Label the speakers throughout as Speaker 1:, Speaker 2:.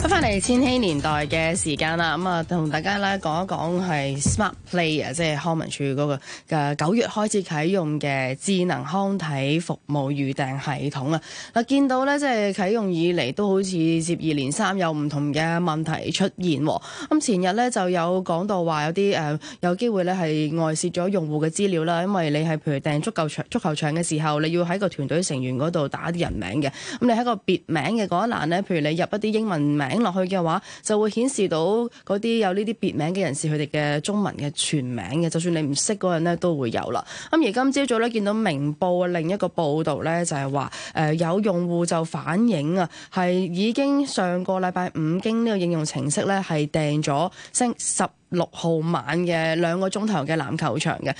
Speaker 1: 翻翻嚟千禧年代嘅時間啦，咁啊同大家咧講一講係 Smart Play 啊，那個，即係康文署嗰個嘅九月開始啟用嘅智能康體服務預訂系統啊。嗱，見到咧即係啟用以嚟都好似接二連三有唔同嘅問題出現。咁前日咧就有講到話有啲誒有機會咧係外泄咗用戶嘅資料啦，因為你係譬如訂足球場足球場嘅時候，你要喺個團隊成員嗰度打啲人名嘅，咁你喺個別名嘅嗰一欄呢，譬如你入一啲英文名。影落去嘅話，就會顯示到嗰啲有呢啲別名嘅人士佢哋嘅中文嘅全名嘅，就算你唔識嗰人咧，都會有啦。咁而今朝早咧見到明報嘅另一個報道咧，就係話誒有用戶就反映啊，係已經上個禮拜五經呢個應用程式咧，係訂咗星十六號晚嘅兩個鐘頭嘅籃球場嘅。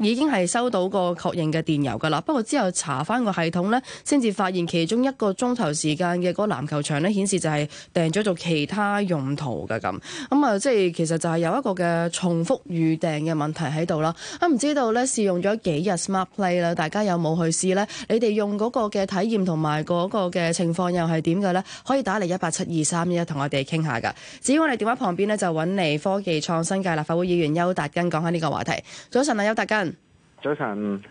Speaker 1: 已經係收到個確認嘅電郵㗎啦，不過之後查翻個系統呢，先至發現其中一個鐘頭時間嘅嗰個籃球場呢，顯示就係訂咗做其他用途㗎咁。咁、嗯、啊，即係其實就係有一個嘅重複預訂嘅問題喺度啦。啊，唔知道呢，試用咗幾日 SmartPlay 啦，大家有冇去試呢？你哋用嗰個嘅體驗同埋嗰個嘅情況又係點嘅呢？可以打嚟一八七二三一同我哋傾下㗎。至於我哋電話旁邊呢，就揾嚟科技創新界立法會議員邱達根講下呢個話題。早晨啊，邱達根。早晨，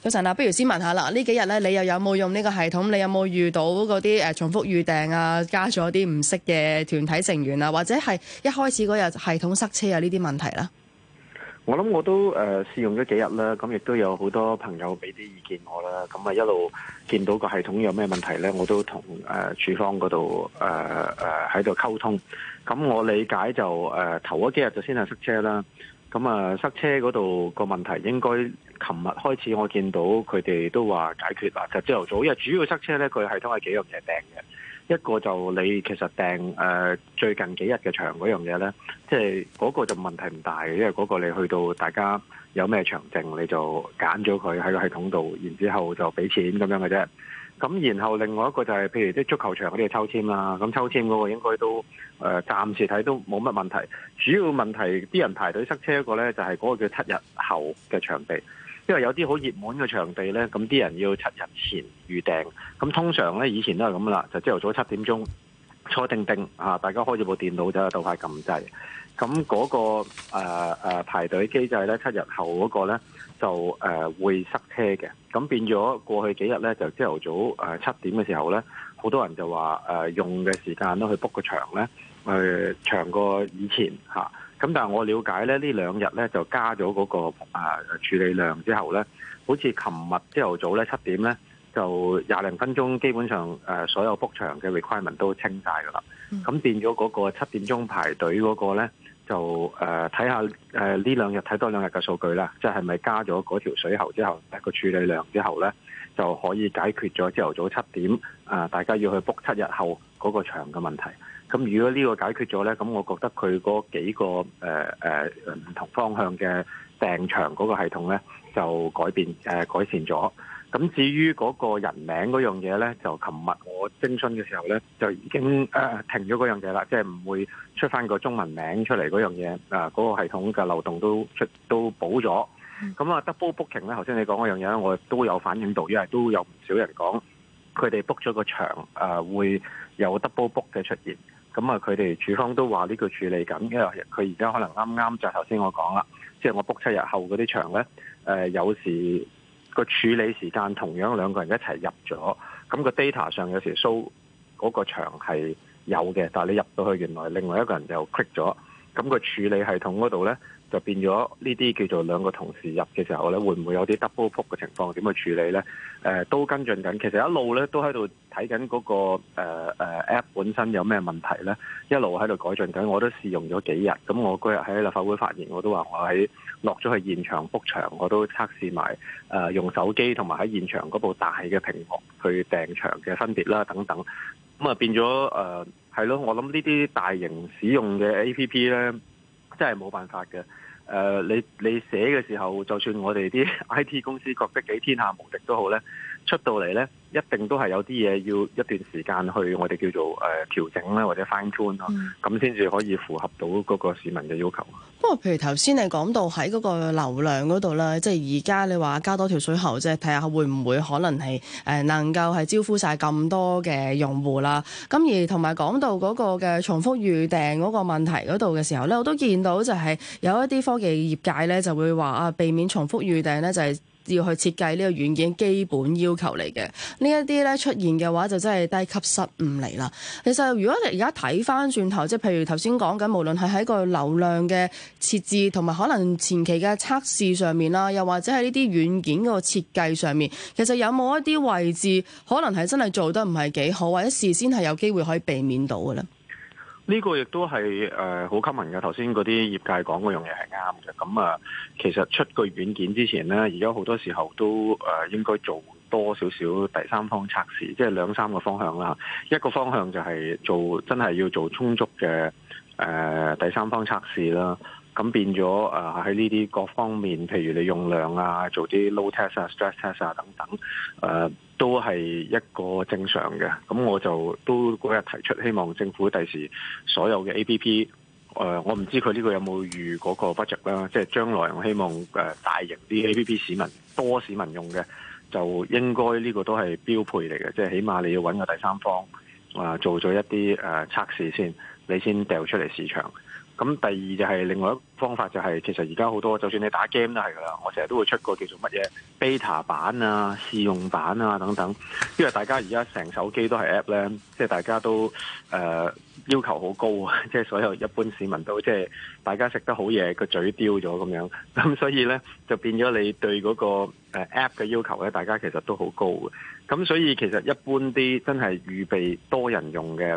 Speaker 1: 早晨啊！不如先問下啦，呢幾日咧，你又有冇用呢個系統？你有冇遇到嗰啲誒重複預訂啊？加咗啲唔識嘅團體成員啊？或者係一開始嗰日系統塞車啊？呢啲問題啦？
Speaker 2: 我諗我都誒試用咗幾日啦，咁亦都有好多朋友俾啲意見我啦，咁啊一路見到個系統有咩問題咧，我都同誒署方嗰度誒誒喺度溝通。咁我理解就誒頭嗰幾日就先係塞車啦。咁啊，塞車嗰度個問題應該琴日開始我見到佢哋都話解決啦。就朝頭早因為主要塞車咧，佢係都係幾樣嘢訂嘅。一個就你其實訂誒、呃、最近幾日嘅場嗰樣嘢咧，即係嗰個就問題唔大嘅，因為嗰個你去到大家有咩場證你就揀咗佢喺個系統度，然之後就俾錢咁樣嘅啫。咁然後另外一個就係、是，譬如啲足球場嗰啲抽籤啦，咁抽籤嗰個應該都誒暫、呃、時睇都冇乜問題。主要問題啲人排隊塞車嗰個呢，就係嗰個叫七日後嘅場地，因為有啲好熱門嘅場地呢，咁啲人要七日前預訂。咁通常呢，以前都係咁啦，就朝頭早七點鐘坐定定，大家開咗部電腦就到快撳掣。咁、那、嗰個誒、呃、排隊機制呢，七日後嗰個呢。就誒會塞車嘅，咁變咗過去幾日咧，就朝頭早誒七點嘅時候咧，好多人就話誒、呃、用嘅時間咧去 book 個場咧，誒、呃、長過以前吓。咁、啊、但係我了解咧，這兩天呢兩日咧就加咗嗰、那個誒、啊、處理量之後咧，好似琴日朝頭早咧七點咧，就廿零分鐘，基本上誒、呃、所有 book 場嘅 requirement 都清晒㗎喇。咁變咗嗰個七點鐘排隊嗰個咧。就誒睇下誒呢兩日睇多兩日嘅數據啦，即係係咪加咗嗰條水喉之後一個處理量之後呢，就可以解決咗朝頭早七點啊、呃、大家要去 book 七日後嗰個場嘅問題。咁如果呢個解決咗呢，咁我覺得佢嗰幾個誒誒唔同方向嘅訂場嗰個系統呢，就改變、呃、改善咗。咁至於嗰個人名嗰樣嘢咧，就琴日我徵詢嘅時候咧，就已經誒、呃、停咗嗰樣嘢啦，即係唔會出翻個中文名出嚟嗰樣嘢。嗱、啊，嗰、那個系統嘅漏洞都出都補咗。咁啊，double booking 咧，頭先、嗯、你講嗰樣嘢咧，我都有反映到，因為都有唔少人講，佢哋 book 咗個場誒、啊、會有 double book 嘅出現。咁啊，佢哋處方都話呢個處理緊，因為佢而家可能啱啱就頭先我講啦，即係我 book 七日後嗰啲場咧，誒、呃、有時。個處理時間同樣兩個人一齊入咗，咁個 data 上有時 show 嗰個場係有嘅，但係你入到去原來另外一個人又 click 咗，咁個處理系統嗰度呢，就變咗呢啲叫做兩個同事入嘅時候呢，會唔會有啲 double click 嘅情況？點去處理呢？誒、呃，都跟進緊，其實一路呢都喺度睇緊嗰個誒、呃呃、app 本身有咩問題呢？一路喺度改進緊。我都試用咗幾日，咁我嗰日喺立法會發言，我都話我喺，落咗去現場 book 場，我都測試埋誒、呃、用手機同埋喺現場嗰部大嘅屏幕去訂場嘅分別啦，等等。咁啊變咗誒，係、呃、咯，我諗呢啲大型使用嘅 A P P 呢，真係冇辦法嘅。誒、呃，你你寫嘅時候，就算我哋啲 I T 公司覺得幾天下無敵都好呢，出到嚟呢，一定都係有啲嘢，要一段時間去我哋叫做誒調、呃、整啦，或者 fine t n 咁先至可以符合到嗰個市民嘅要求。
Speaker 1: 不過譬如頭先你講到喺嗰個流量嗰度咧，即係而家你話加多條水喉，即係睇下會唔會可能係誒、呃、能夠係招呼晒咁多嘅用戶啦。咁而同埋講到嗰個嘅重複預訂嗰個問題嗰度嘅時候咧，我都見到就係有一啲科技業界咧就會話啊，避免重複預訂咧，就係、是、要去設計呢個軟件基本要求嚟嘅。呢一啲咧出現嘅話，就真係低級失誤嚟啦。其實，如果你而家睇翻轉頭，即係譬如頭先講緊，無論係喺個流量嘅設置，同埋可能前期嘅測試上面啦，又或者係呢啲軟件嗰個設計上面，其實有冇一啲位置可能係真係做得唔係幾好，或者事先係有機會可以避免到嘅
Speaker 2: 呢？呢個亦都係誒好吸 o m 嘅。頭先嗰啲業界講嗰樣嘢係啱嘅。咁啊，其實出個軟件之前呢，而家好多時候都誒應該做。多少少第三方測試，即係兩三個方向啦。一個方向就係做真係要做充足嘅、呃、第三方測試啦。咁變咗誒喺呢啲各方面，譬如你用量啊，做啲 low test 啊、stress test 啊等等，呃、都係一個正常嘅。咁我就都嗰日提出，希望政府第時所有嘅 A P P，呃、我唔知佢呢個有冇預嗰個 budget 啦。即係將來我希望、呃、大型啲 A P P 市民多市民用嘅。就應該呢個都係標配嚟嘅，即係起碼你要揾個第三方啊，做咗一啲誒測試先，你先掉出嚟市場。咁第二就係另外一方法，就係其實而家好多，就算你打 game 都係噶啦。我成日都會出個叫做乜嘢 beta 版啊、試用版啊等等。因為大家而家成手機都係 app 咧，即係大家都誒、呃、要求好高啊！即係所有一般市民都即係大家食得好嘢，個嘴刁咗咁樣。咁所以咧就變咗你對嗰個 app 嘅要求咧，大家其實都好高嘅。咁所以其實一般啲真係預備多人用嘅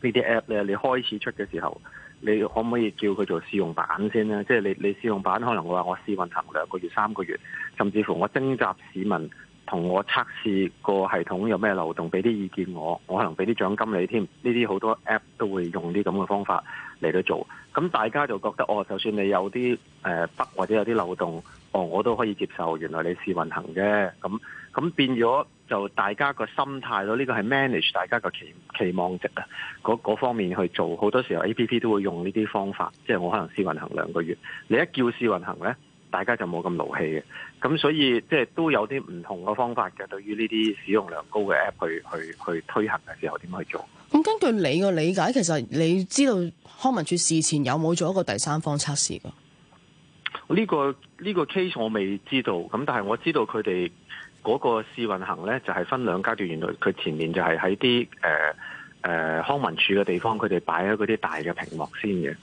Speaker 2: 呢啲 app 咧，你開始出嘅時候。你可唔可以叫佢做試用版先呢？即係你你試用版，可能我話我試運行兩個月、三個月，甚至乎我徵集市民同我測試個系統有咩漏洞，俾啲意見我，我可能俾啲獎金你添。呢啲好多 app 都會用啲咁嘅方法嚟到做。咁大家就覺得哦，就算你有啲 bug 或者有啲漏洞，哦，我都可以接受。原來你試運行嘅，咁咁變咗。就大家個心態咯，呢個係 manage 大家個期期望值啊，嗰方面去做好多時候 A P P 都會用呢啲方法，即係我可能試運行兩個月，你一叫試運行呢，大家就冇咁勞氣嘅，咁所以即係都有啲唔同嘅方法嘅，對於呢啲使用量高嘅 app 去去去推行嘅時候點去做？
Speaker 1: 咁根據你嘅理解，其實你知道康文署事前有冇做一個第三方測試嘅？
Speaker 2: 呢個呢個 case 我未知道，咁但係我知道佢哋。嗰個試運行呢，就係、是、分兩階段。原來佢前面就係喺啲誒誒康文署嘅地方，佢哋擺咗嗰啲大嘅屏幕先嘅。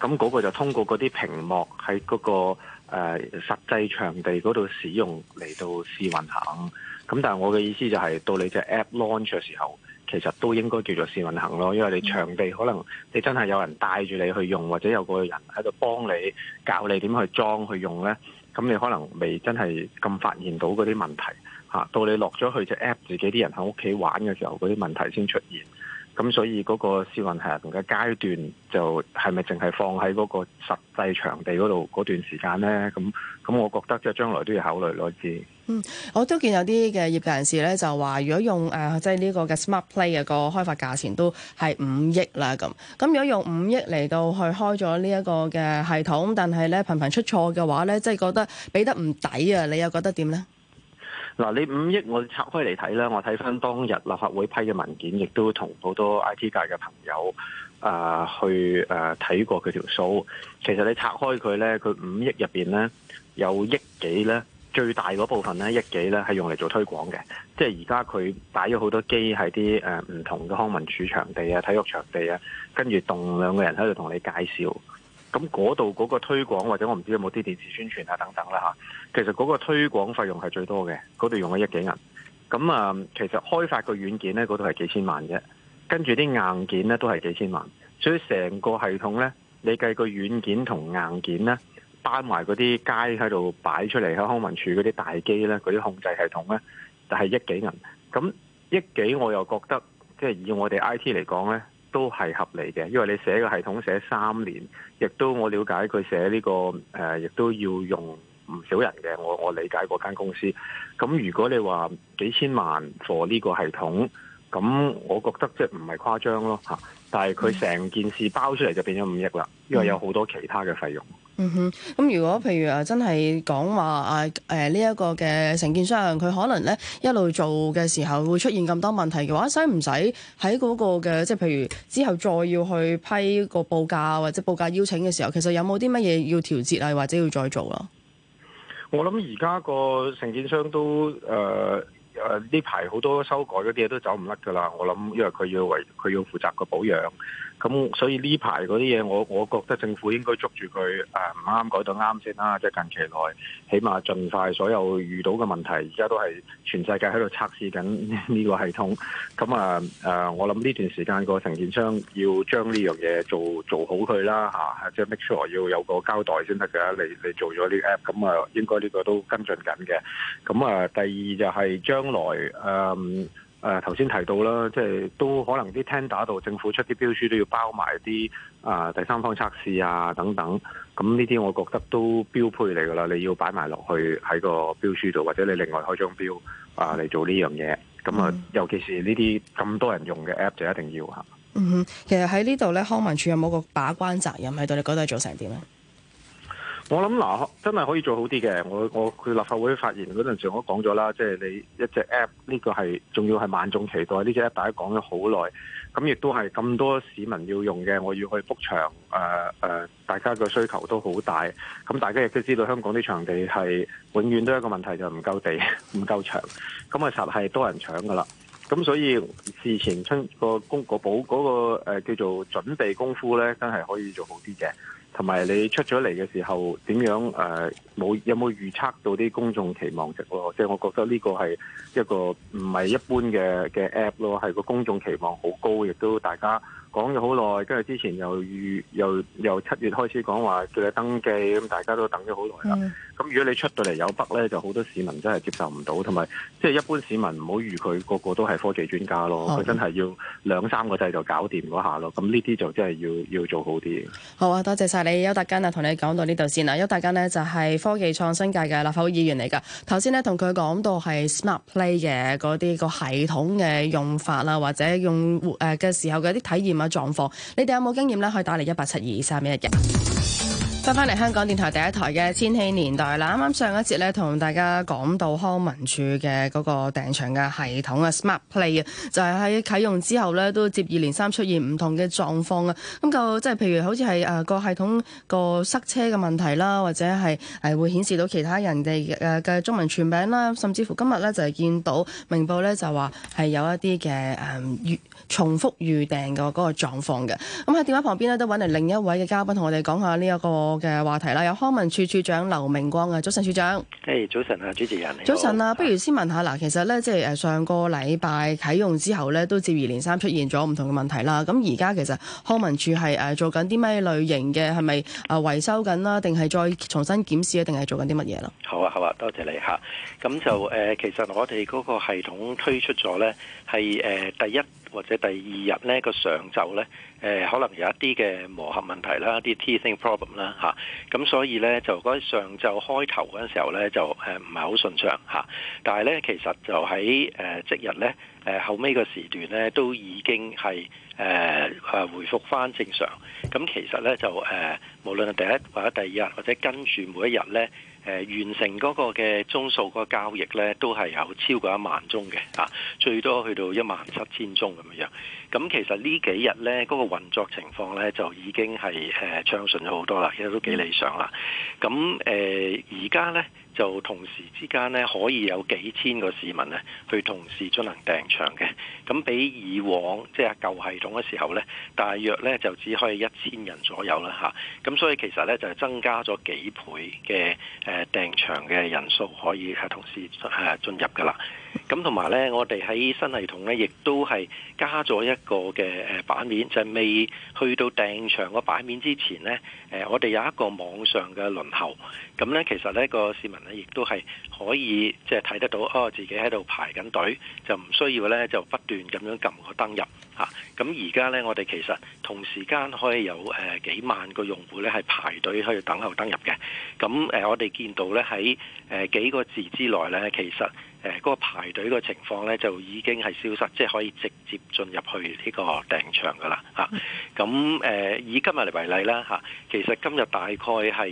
Speaker 2: 咁嗰個就通過嗰啲屏幕喺嗰、那個誒、呃、實際場地嗰度使用嚟到試運行。咁但係我嘅意思就係、是、到你隻 App launch 嘅時候。其實都應該叫做試運行咯，因為你場地可能你真係有人帶住你去用，或者有個人喺度幫你教你點去裝去用呢。咁你可能未真係咁發現到嗰啲問題，到你落咗去隻 App，自己啲人喺屋企玩嘅時候，嗰啲問題先出現。咁所以嗰個試運行嘅階段，就係咪淨係放喺嗰個實際場地嗰度嗰段時間咧？咁咁，我覺得即係將來都要考慮咯，知。嗯，
Speaker 1: 我都見有啲嘅業界人士咧，就話如果用誒、呃、即係呢個嘅 Smart Play 嘅個開發價錢都係五億啦，咁咁如果用五億嚟到去開咗呢一個嘅系統，但係咧頻頻出錯嘅話咧，即係覺得俾得唔抵啊？你又覺得點咧？
Speaker 2: 嗱，你五億我拆開嚟睇啦，我睇翻當日立法會批嘅文件，亦都同好多 I T 界嘅朋友啊、呃，去誒睇、呃、過佢條數。其實你拆開佢咧，佢五億入邊咧有億幾咧，最大嗰部分咧億幾咧係用嚟做推廣嘅。即係而家佢擺咗好多機喺啲誒唔同嘅康文署場地啊、體育場地啊，跟住動兩個人喺度同你介紹。咁嗰度嗰個推廣，或者我唔知有冇啲電視宣傳啊等等啦吓。其實嗰個推廣費用係最多嘅，嗰度用咗億幾銀。咁啊，其實開發個軟件咧，嗰度係幾千萬啫。跟住啲硬件咧都係幾千萬，所以成個系統咧，你計個軟件同硬件咧，搭埋嗰啲街喺度擺出嚟，喺康文署嗰啲大機咧，嗰啲控制系統咧，就係、是、億幾銀。咁億幾我又覺得，即係以我哋 I T 嚟講咧。都係合理嘅，因為你寫個系統寫三年，亦都我了解佢寫呢個誒，亦都要用唔少人嘅。我我理解嗰間公司，咁如果你話幾千萬 for 呢個系統，咁我覺得即係唔係誇張咯嚇。但係佢成件事包出嚟就變咗五億啦，因為有好多其他嘅費用。
Speaker 1: 嗯哼，咁如果譬如啊，真係講話啊，誒呢一個嘅承建商佢可能咧一路做嘅時候會出現咁多問題嘅話，使唔使喺嗰個嘅即係譬如之後再要去批個報價或者報價邀請嘅時候，其實有冇啲乜嘢要調節啊，或者要再做咯？
Speaker 2: 我諗而家個承建商都誒。呃誒呢排好多修改嗰啲嘢都走唔甩噶啦，我諗因為佢要為佢要負責個保養，咁所以呢排嗰啲嘢，我我覺得政府應該捉住佢誒唔啱改到啱先啦，即係近期內，起碼盡快所有遇到嘅問題，而家都係全世界喺度測試緊呢個系統。咁啊誒，我諗呢段時間個承建商要將呢樣嘢做做好佢啦嚇，即係 make sure 要有個交代先得嘅。你你做咗呢 app，咁啊應該呢個都跟進緊嘅。咁啊第二就係將將來誒誒，頭、嗯、先、呃、提到啦，即係都可能啲 tender 度政府出啲標書都要包埋啲啊第三方測試啊等等，咁呢啲我覺得都標配嚟噶啦，你要擺埋落去喺個標書度，或者你另外開張標啊嚟、呃、做呢樣嘢。咁啊，尤其是呢啲咁多人用嘅 app 就一定要吓、嗯。
Speaker 1: 嗯哼，其實喺呢度咧，康文署有冇個把關責任喺度？你嗰度做成點咧？
Speaker 2: 我諗嗱、啊，真係可以做好啲嘅。我我佢立法會發言嗰陣時我，我講咗啦，即係你一隻 app 呢個係仲要係萬眾期待呢隻、這個、app，大家講咗好耐，咁亦都係咁多市民要用嘅。我要去 book 場誒誒，大家嘅需求都好大。咁大家亦都知道，香港啲場地係永遠都一個問題，就唔夠地，唔夠場。咁啊，實係多人搶㗎啦。咁所以事前春、嗰個工、嗰個保嗰、嗰個誒、呃、叫做準備功夫呢，真係可以做好啲嘅。同埋你出咗嚟嘅時候，點樣誒冇、呃、有冇預測到啲公眾期望值咯？即係我覺得呢個係一個唔係一般嘅嘅 app 咯，係個公眾期望好高，亦都大家。講咗好耐，跟住之前又預又又，又七月開始講話叫佢登記，咁大家都等咗好耐啦。咁、嗯、如果你出到嚟有北咧，就好多市民真係接受唔到，同埋即係一般市民唔好預佢個個都係科技專家咯，佢、哦、真係要兩三個掣就搞掂嗰下咯。咁呢啲就真係要要做好啲。
Speaker 1: 好啊，多謝晒你邱達根啊，同你講到呢度先啦。邱達根呢，就係、是、科技創新界嘅立法會議員嚟㗎。頭先呢，同佢講到係 Smart Play 嘅嗰啲個系統嘅用法啦，或者用活誒嘅時候嘅一啲體驗狀況，你哋有冇經驗咧？可以打嚟一八七二三一日。翻翻嚟香港電台第一台嘅《千禧年代》啦，啱啱上一節咧同大家講到康文署嘅嗰個訂場嘅系統啊，Smart Play 啊，就係喺啟用之後咧都接二連三出現唔同嘅狀況啊。咁就即係譬如好似係誒個系統個塞車嘅問題啦，或者係誒、呃、會顯示到其他人哋誒嘅中文全名啦，甚至乎今日咧就係、是、見到明報咧就話係有一啲嘅誒預重複預訂嘅嗰個狀況嘅。咁喺電話旁邊咧都揾嚟另一位嘅嘉賓同我哋講下呢、這、一個。嘅話題啦，有康文署署長劉明光啊，早晨，署長。
Speaker 3: 誒，hey，早晨啊，主持人。早晨啊，
Speaker 1: 不如先問下嗱，其實咧，即係誒，上個禮拜啟用之後咧，都接二連三出現咗唔同嘅問題啦。咁而家其實康文署係誒做緊啲咩類型嘅？係咪啊維修緊啦？定係再重新檢視啊？定係做緊啲乜嘢啦？
Speaker 3: 好啊，好啊，多謝你吓。咁就誒、呃，其實我哋嗰個系統推出咗咧，係誒、呃、第一。或者第二日呢個上晝呢，誒可能有一啲嘅磨合問題啦，啲 technical problem 啦嚇，咁所以呢，就嗰上晝開頭嗰陣時候呢，就誒唔係好順暢嚇，但係呢，其實就喺誒即日呢，誒後尾個時段呢，都已經係誒誒回復返正常，咁其實呢，就誒、呃、無論係第一或者第二日或者跟住每一日呢。誒、呃、完成嗰個嘅宗數嗰個交易咧，都係有超過一萬宗嘅啊，最多去到一萬七千宗咁樣樣。咁其實幾呢幾日咧，嗰、嗰個運作情況咧，就已經係誒暢順咗好多啦，其實都幾理想啦。咁誒而家咧。呃就同時之間咧，可以有幾千個市民咧，去同時進行訂場嘅。咁比以往即係、就是、舊系統嘅時候咧，大約咧就只可以一千人左右啦吓。咁所以其實咧就增加咗幾倍嘅誒訂場嘅人數可以係同時誒進入噶啦。咁同埋呢，我哋喺新系統呢亦都係加咗一個嘅誒版面，就係未去到訂場個版面之前呢，誒我哋有一個網上嘅輪候，咁呢，其實呢個市民呢亦都係可以即係睇得到，哦自己喺度排緊隊，就唔需要呢，就不斷咁樣撳個登入。咁而家咧，我哋其實同時間可以有幾萬個用戶咧，係排隊去等候登入嘅。咁我哋見到咧喺幾個字之內咧，其實嗰個排隊個情況咧，就已經係消失，即係可以直接進入去呢個訂場噶啦。咁以今日嚟為例啦，其實今日大概係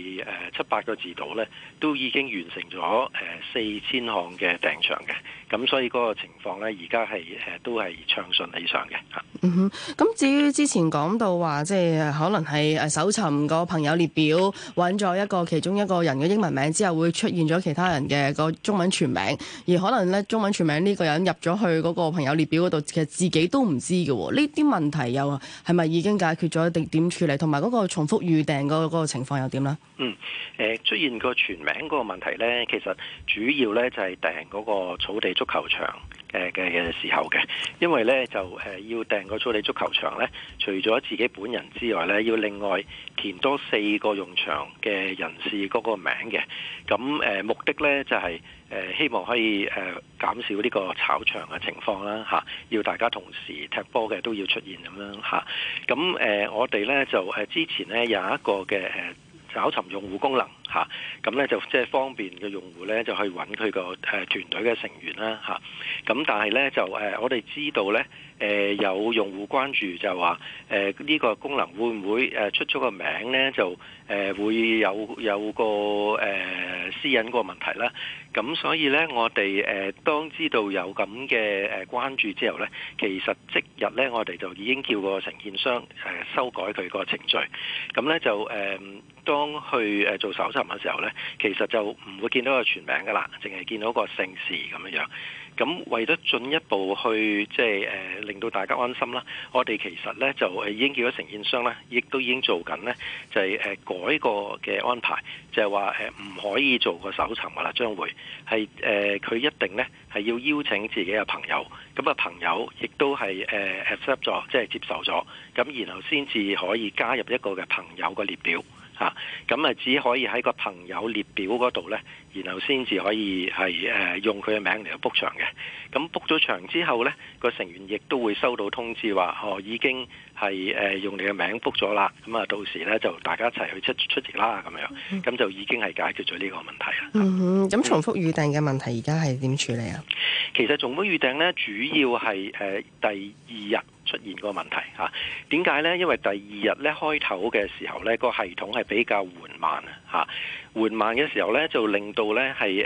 Speaker 3: 七八個字度咧，都已經完成咗四千項嘅訂場嘅。咁所以嗰個情況咧，而家係都係暢順理想嘅。
Speaker 1: 嗯哼，咁至於之前講到話，即係可能係搜尋個朋友列表，揾咗一個其中一個人嘅英文名之後，會出現咗其他人嘅個中文全名，而可能咧中文全名呢個人入咗去嗰個朋友列表嗰度，其實自己都唔知嘅喎、哦。呢啲問題又係咪已經解決咗定點處理？同埋嗰個重複預訂嗰個情況又點呢？嗯、
Speaker 3: 呃，出現個全名嗰個問題咧，其實主要咧就係訂嗰個草地足球場。誒嘅嘅時候嘅，因為咧就誒要訂個處理足球場咧，除咗自己本人之外咧，要另外填多四個用場嘅人士嗰個名嘅。咁誒目的咧就係、是、誒希望可以誒減少呢個炒場嘅情況啦嚇。要大家同時踢波嘅都要出現咁樣嚇。咁誒我哋咧就誒之前咧有一個嘅誒。找尋用戶功能嚇，咁、啊、咧就即係方便嘅用戶咧就去揾佢個誒團隊嘅成員啦嚇。咁、啊、但係咧就誒、啊、我哋知道咧誒、啊、有用戶關注就話誒呢個功能會唔會誒出咗個名咧就誒、啊、會有有個誒、啊、私隱個問題啦。咁、啊、所以咧我哋誒、啊、當知道有咁嘅誒關注之後咧，其實即日咧我哋就已經叫個承建商誒、啊、修改佢個程序。咁、啊、咧就誒。啊當去誒做搜尋嘅時候咧，其實就唔會見到個全名噶啦，淨係見到個姓氏咁樣樣。咁為咗進一步去即係誒令到大家安心啦，我哋其實咧就已經叫咗承辦商咧，亦都已經做緊咧，就係、是、誒改過嘅安排，就係話誒唔可以做個搜尋噶啦，將會係誒佢一定咧係要邀請自己嘅朋友，咁、那、啊、個、朋友亦都係誒、呃、accept 咗，即、就、係、是、接受咗，咁然後先至可以加入一個嘅朋友嘅列表。咁啊只可以喺個朋友列表嗰度呢，然後先至可以係誒用佢嘅名嚟去 book 場嘅。咁 book 咗場之後呢，個成員亦都會收到通知話哦，已經係誒用你嘅名 book 咗啦。咁啊，到時呢，就大家一齊去出出席啦，咁、嗯、樣，咁就已經係解決咗呢個問題啦。
Speaker 1: 咁、嗯、重複預訂嘅問題而家係點處理啊、嗯？
Speaker 3: 其實重複預訂呢，主要係誒第二日。出現個問題吓，點解咧？因為第二日咧，開頭嘅時候咧，個系統係比較緩慢啊吓緩慢嘅時候咧，就令到咧係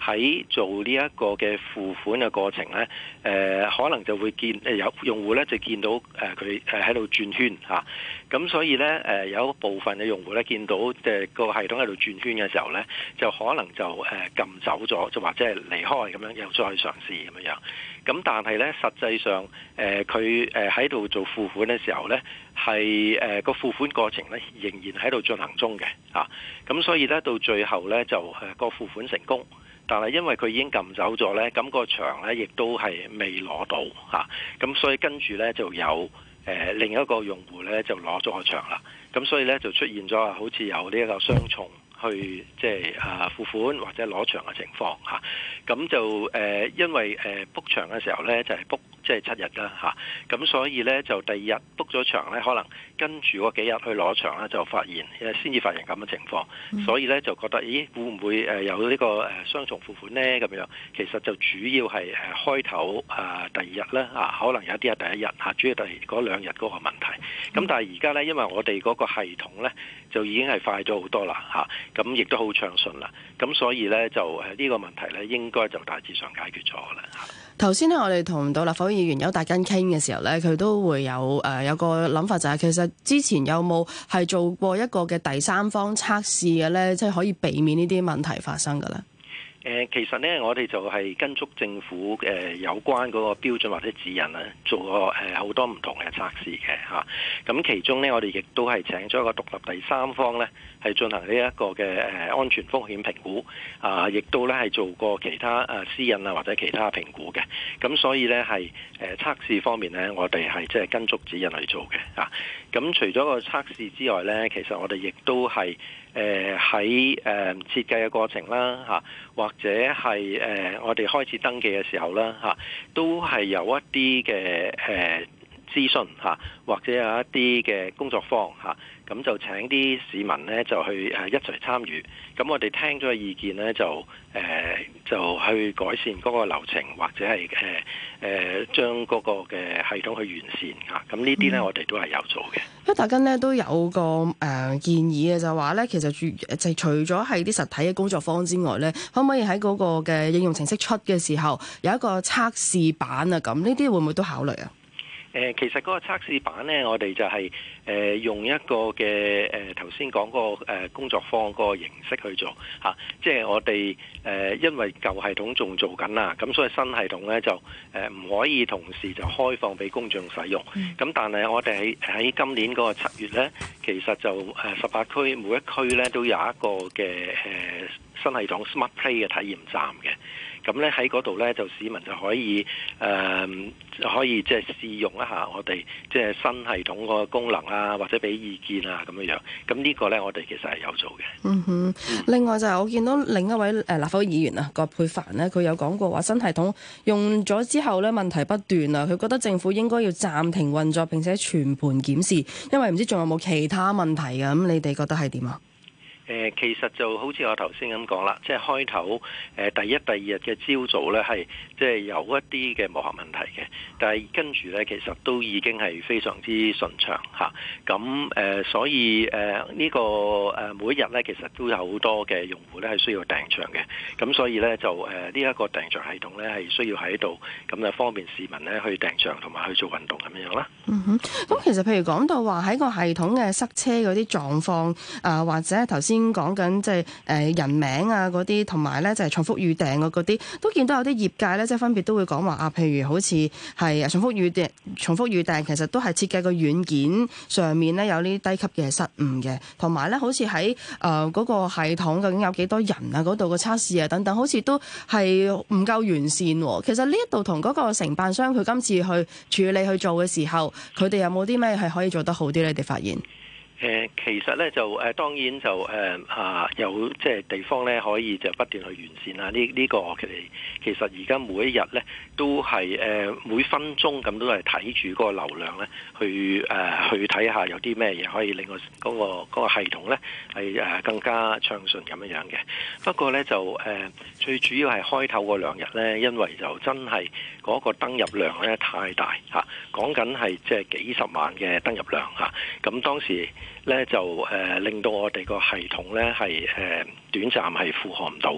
Speaker 3: 喺做呢一個嘅付款嘅過程咧，誒可能就會見有用戶咧就見到誒佢喺度轉圈嚇，咁所以咧誒有部分嘅用戶咧見到即係個系統喺度轉圈嘅時候咧，就可能就誒撳走咗，就或者係離開咁樣，又再嘗試咁樣。咁但係咧，實際上誒佢喺度做付款嘅時候咧，係誒個付款過程咧仍然喺度進行中嘅啊，咁所以咧到最後咧就誒個、啊、付款成功，但係因為佢已經撳走咗咧，咁、那個場咧亦都係未攞到吓，咁、啊、所以跟住咧就有誒、呃、另一個用戶咧就攞咗個場啦，咁、啊、所以咧就出現咗好似有呢個雙重去即係、就是、啊付款或者攞場嘅情況吓，咁就誒因為誒 book 場嘅時候咧就係 book。即係七日啦嚇，咁所以呢，就第二日 book 咗場呢，可能跟住嗰幾日去攞場呢，就發現，先至發現咁嘅情況，所以呢，就覺得咦會唔會有呢個雙重付款呢？咁樣？其實就主要係開頭啊第二日啦、啊、可能有一啲係第一日嚇、啊，主要第嗰兩日嗰個問題。咁但係而家呢，因為我哋嗰個系統呢，就已經係快咗好多啦嚇，咁、啊、亦、啊、都好暢順啦，咁所以呢，就呢個問題呢，應該就大致上解決咗啦、啊。
Speaker 1: 頭先咧，我哋同到立法會議員邱達根傾嘅時候咧，佢都會有誒有個諗法、就係，就係其實之前有冇係做過一個嘅第三方測試嘅咧？即係可以避免呢啲問題發生㗎啦。
Speaker 3: 其實呢，我哋就係跟足政府有關嗰個標準或者指引，做過好多唔同嘅測試嘅。咁其中呢，我哋亦都係請咗一個獨立第三方呢係進行呢一個嘅安全風險評估啊，亦都呢係做過其他私隱啊或者其他評估嘅。咁、啊、所以呢，係誒測試方面呢，我哋係即係跟足指引去做嘅。咁、啊啊、除咗個測試之外呢，其實我哋亦都係。誒，喺誒設計嘅過程啦吓，或者係誒我哋開始登記嘅時候啦吓，都係有一啲嘅誒資訊吓，或者有一啲嘅工作坊吓。咁就請啲市民咧，就去誒一齊參與。咁我哋聽咗嘅意見咧，就誒、呃、就去改善嗰個流程，或者係誒誒將嗰個嘅系統去完善啊。咁呢啲咧，我哋都係有做嘅。
Speaker 1: 因為、嗯、大家咧都有個誒、呃、建議嘅，就話咧其實住就除咗係啲實體嘅工作坊之外咧，可唔可以喺嗰個嘅應用程式出嘅時候有一個測試版啊？咁呢啲會唔會都考慮啊？
Speaker 3: 誒，其實嗰個測試版呢，我哋就係、是、誒、呃、用一個嘅誒頭先講個誒工作坊個形式去做嚇、啊，即係我哋誒、呃、因為舊系統仲做緊啦，咁所以新系統呢，就誒唔、呃、可以同時就開放俾公眾使用。咁但係我哋喺今年嗰個七月呢，其實就誒十八區每一區呢，都有一個嘅誒、呃、新系統 Smart Play 嘅體驗站嘅。咁咧喺嗰度咧就市民就可以誒、呃、可以即係試用一下我哋即係新系統個功能啊，或者俾意見啊咁樣樣。咁呢個咧我哋其實係有做嘅。
Speaker 1: 嗯哼，另外就係我見到另一位誒立法會議員啊，葛珮帆呢，佢有講過話新系統用咗之後咧，問題不斷啊，佢覺得政府應該要暫停運作並且全盤檢視，因為唔知仲有冇其他問題啊，咁你哋覺得係點啊？
Speaker 3: 誒、呃、其實就好似我頭先咁講啦，即係開頭誒、呃、第一、第二日嘅朝早咧係。是即係有一啲嘅磨合問題嘅，但係跟住咧，其實都已經係非常之順暢吓，咁、啊、誒所以誒呢個誒每一日咧，其實都有好多嘅用戶咧係需要訂場嘅。咁所以咧就誒呢一個訂場系統咧係需要喺度，咁啊方便市民咧去訂場同埋去做運動咁樣啦。嗯
Speaker 1: 哼，咁其實譬如講到話喺個系統嘅塞車嗰啲狀況啊或者頭先講緊即係誒人名啊嗰啲，同埋咧就係重複預訂嘅嗰啲，都見到有啲業界咧。即係分別都會講話啊，譬如好似係重複預訂，重複預訂其實都係設計個軟件上面咧有啲低級嘅失誤嘅，同埋咧好似喺誒嗰個系統究竟有幾多人啊？嗰度個測試啊等等，好似都係唔夠完善。其實呢一度同嗰個承辦商佢今次去處理去做嘅時候，佢哋有冇啲咩係可以做得好啲咧？你哋發現？
Speaker 3: 誒其實咧就誒當然就誒啊有即係地方咧可以就不斷去完善啦。呢呢個其其實而家每一日咧都係誒每分鐘咁都係睇住嗰個流量咧去誒去睇下有啲咩嘢可以令我嗰個嗰個系統咧係誒更加暢順咁樣樣嘅。不過咧就誒最主要係開頭嗰兩日咧，因為就真係嗰個登入量咧太大嚇，講緊係即係幾十萬嘅登入量嚇，咁當時。咧就誒，令到我哋個系統咧係誒短暫係負荷唔到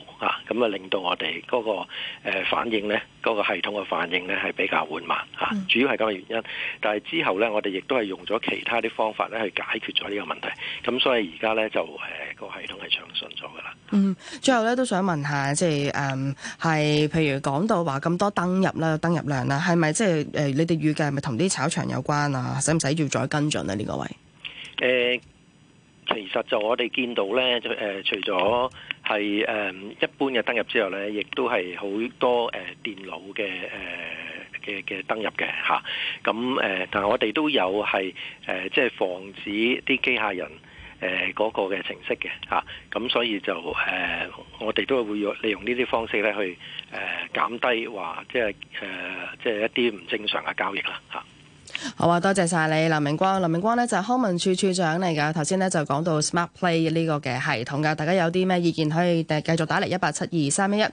Speaker 3: 咁，啊令到我哋嗰個誒反應咧，嗰個系統嘅反應咧係比較緩慢吓,主要係咁嘅原因。但係之後咧，我哋亦都係用咗其他啲方法咧，去解決咗呢個問題。咁所以而家咧就誒個系統係暢順咗噶啦。嗯，
Speaker 1: 最後咧都想問下，即係誒係，譬如講到話咁多登入啦，登入量啦，係咪即係誒你哋預計係咪同啲炒場有關啊？使唔使要再跟進啊？呢個位。
Speaker 3: 誒、呃，其實就我哋見到咧，誒、呃，除咗係誒一般嘅登入之後咧，亦都係好多誒、呃、電腦嘅誒嘅嘅登入嘅吓，咁、啊、誒，但係我哋都有係誒，即、呃、係、就是、防止啲機械人誒嗰、呃那個嘅程式嘅吓，咁、啊、所以就誒、呃，我哋都會用利用呢啲方式咧去誒減低話即係誒即係一啲唔正常嘅交易啦吓。啊
Speaker 1: 好啊，多謝晒你，劉明光。劉明光咧就係康文署署長嚟噶，頭先咧就講到 Smart Play 呢個嘅系統噶，大家有啲咩意見可以繼續打嚟一八七二三一一。